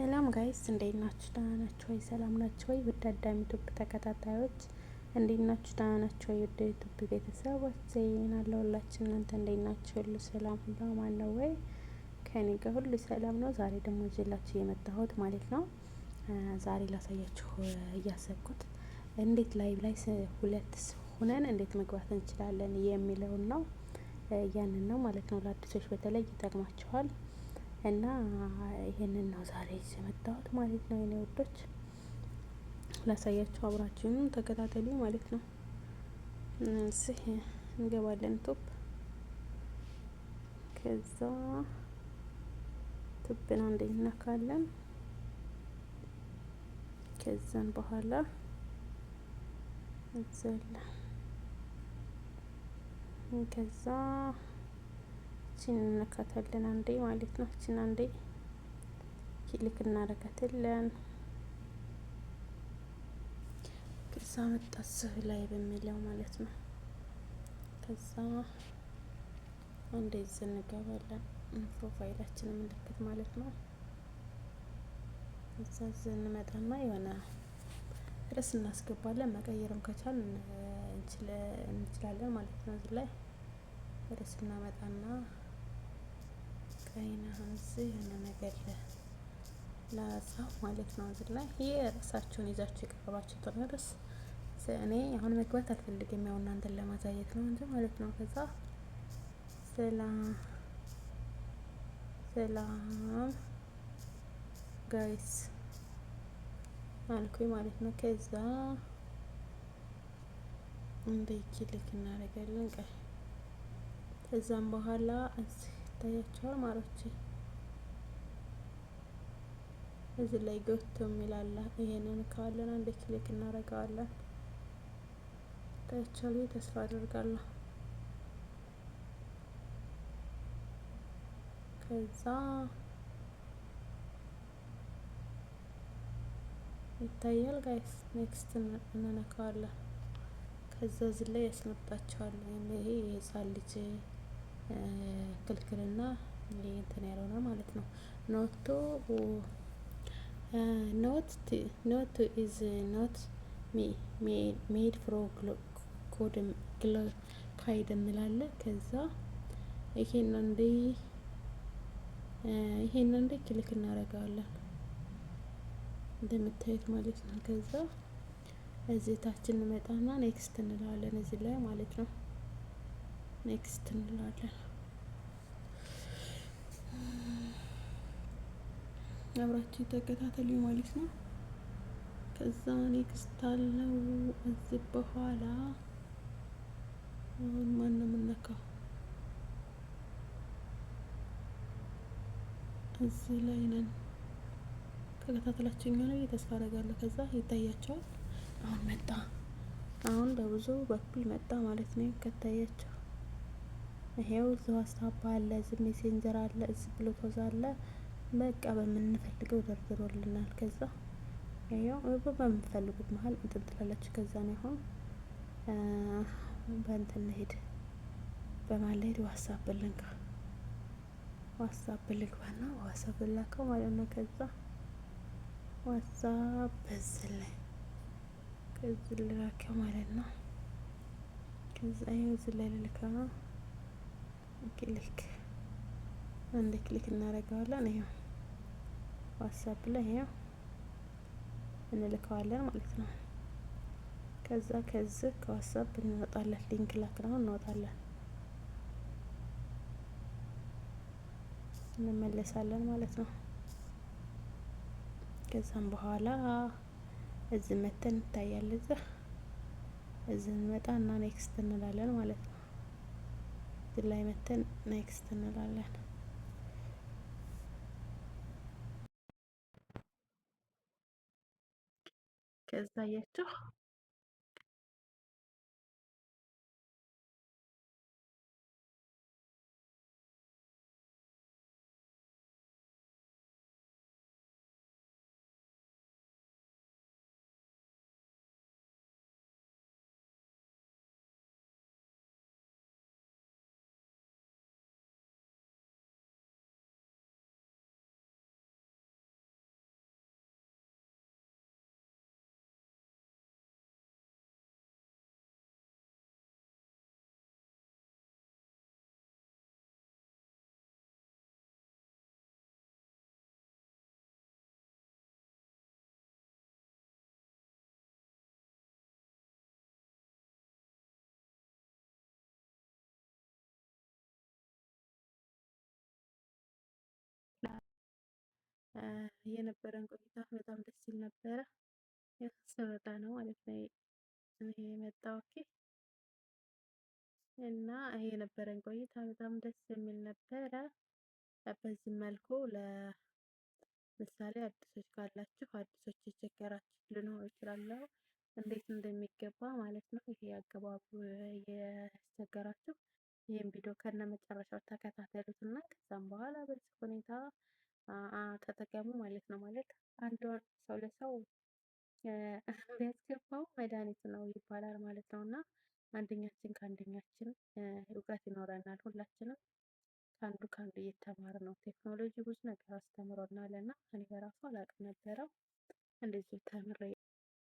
ሰላም ጋይስ እንዴት ናችሁ? ደህና ናችሁ ወይ? ሰላም ናችሁ ወይ? ውድ አዳሚ ቱብ ተከታታዮች እንዴት ናችሁ? ደህና ናችሁ ወይ? ውድ ዩቱብ ቤተሰቦች ዘይን አለሁላችሁ። እናንተ እንዴት ናችሁ? ሁሉ ሰላም፣ ሁሉ አማን ነው ወይ? ከኔ ጋር ሁሉ ሰላም ነው። ዛሬ ደግሞ ይዤላችሁ የመጣሁት ማለት ነው ዛሬ ላሳያችሁ እያሰብኩት እንዴት ላይቭ ላይ ሁለት ሆነን እንዴት መግባት እንችላለን የሚለውን ነው። ያንን ነው ማለት ነው። ለአዲሶች በተለይ ይጠቅማችኋል። እና ይህንን ነው ዛሬ ይዤ የመጣሁት ማለት ነው። የኔ ወዶች ላሳያችሁ፣ አብራችሁ ተከታተሉ ማለት ነው። እዚህ እንገባለን ቱብ፣ ከዛ ቱብን አንዴ እናካለን። ከዛን በኋላ እዘላ ከዛ እችን እንነካታለን አንዴ ማለት ነው። እችን አንዴ ክሊክ እናረጋታለን። ከዛ መጣስህ ላይ በሚለው ማለት ነው። ከዛ አንዴ ይዘን ፕሮፋይላችን ምልክት ማለት ነው። እዛ እንመጣና የሆነ ርዕስ እናስገባለን። መቀየርም ከቻል እንችላለን ማለት ነው። እዚህ ላይ ርዕስ እናመጣና ከይና የሆነ ነገር ማለት ነው። እዚህ ላይ ይህ ይዛችሁ የቀረባችሁ እኔ አሁን መግባት አልፈልግም። ያው እናንተን ለማሳየት ነው እንጂ ማለት ነው። ከዛ ሰላም ጋይስ አልኩኝ ማለት ነው። ከዛ እንደ ይኪ እናደርጋለን። ቀይ ከዛም በኋላ እዚህ ይታያቸዋል ማሮች እዚ ላይ ገብቶ የሚላለ ይሄንን ካለን አንድ ክሊክ እናደርገዋለን። ይታያቸዋል ብዬ ተስፋ አደርጋለሁ። ከዛ ይታያል ጋይስ ኔክስት እንነካዋለን። ከዛ እዚህ ላይ ይሄ የህፃን ልጅ ክልክልና እንትን ነው ማለት ነው። ኖቶ ኖት ኢዝ ኖት ሜድ ፍሮ ካይድ እንላለ። ከዛ ይሄን አንዴ ይሄን አንዴ ክሊክ እናደርገዋለን እንደምታዩት ማለት ነው። ከዛ እዚህ ታችን እንመጣና ኔክስት እንላለን እዚህ ላይ ማለት ነው። ኔክስት እንላለን። አብራችሁ ተከታተሉ ማለት ነው። ከዛ ኔክስት አለው እዚህ በኋላ አሁን ማን ነው የምነካው? እዚህ ላይ ነን። ከከታተላችሁ ላይ ተስፋ አደርጋለሁ። ከዛ ይታያቸዋል። አሁን መጣ። አሁን በብዙ በኩል መጣ ማለት ነው። ከታያቸው ይሄው እዚህ ዋስታፕ አለ፣ እዚህ ሜሴንጀር አለ፣ እዚህ ብሉቶዝ አለ። በቃ በምንፈልገው ደርድሮልናል። ከዛ ይሄው በምንፈልጉት መሀል እንትን ትላለች። ከዛ ነው አሁን በእንትን እንሂድ በማለድ ዋትስአፕ ልንካ ዋትስአፕ ልግባና ዋትስአፕ ላከው ማለት ነው። ከዛ ዋትስአፕ በዚህ ላይ ከዚህ ልላከው ማለት ነው። ከዛ ይሄው እዚህ ላይ ልልካ ክሊክ አንድ ክሊክ እናደርገዋለን። ይሄው ዋትስአፕ ላይ ይሄው እንልከዋለን ማለት ነው። ከዛ ከዚህ ከዋትስአፕ እንወጣለን። ሊንክ ላክ ነው እንወጣለን፣ እንመለሳለን ማለት ነው። ከዛም በኋላ እዚህ መተን እንታያለን። እዚህ እዚህ እንመጣ እና ኔክስት እንላለን ማለት ነው። እንትን ላይ መተን ኔክስት እንላለን። ከዛ አያችሁ የነበረን ቆይታ በጣም ደስ ይል ነበረ። ስመጣ ነው ማለት ነው የመጣው እና የነበረን ቆይታ በጣም ደስ የሚል ነበረ። በዚህ መልኩ ለምሳሌ አዲሶች ካላችሁ አዲሶች የቸገራችሁ ልኖር ይችላለሁ እንዴት እንደሚገባ ማለት ነው። ይሄ አገባቡ እያስቸገራችሁ ይህን ቪዲዮ ከነ መጨረሻው ተከታተሉት እና ከዛም በኋላ በዚህ ሁኔታ ተጠቀሙ ማለት ነው። ማለት አንድ ወር ሰው ለሰው ቢያስገባው መድኃኒት ነው ይባላል ማለት ነው። እና አንደኛችን ከአንደኛችን እውቀት ይኖረናል። ሁላችንም ከአንዱ ከአንዱ እየተማር ነው። ቴክኖሎጂ ብዙ ነገር አስተምሮናል እና እኔ በራሱ አላቅም ነበረው እንደዚህ ተምሬ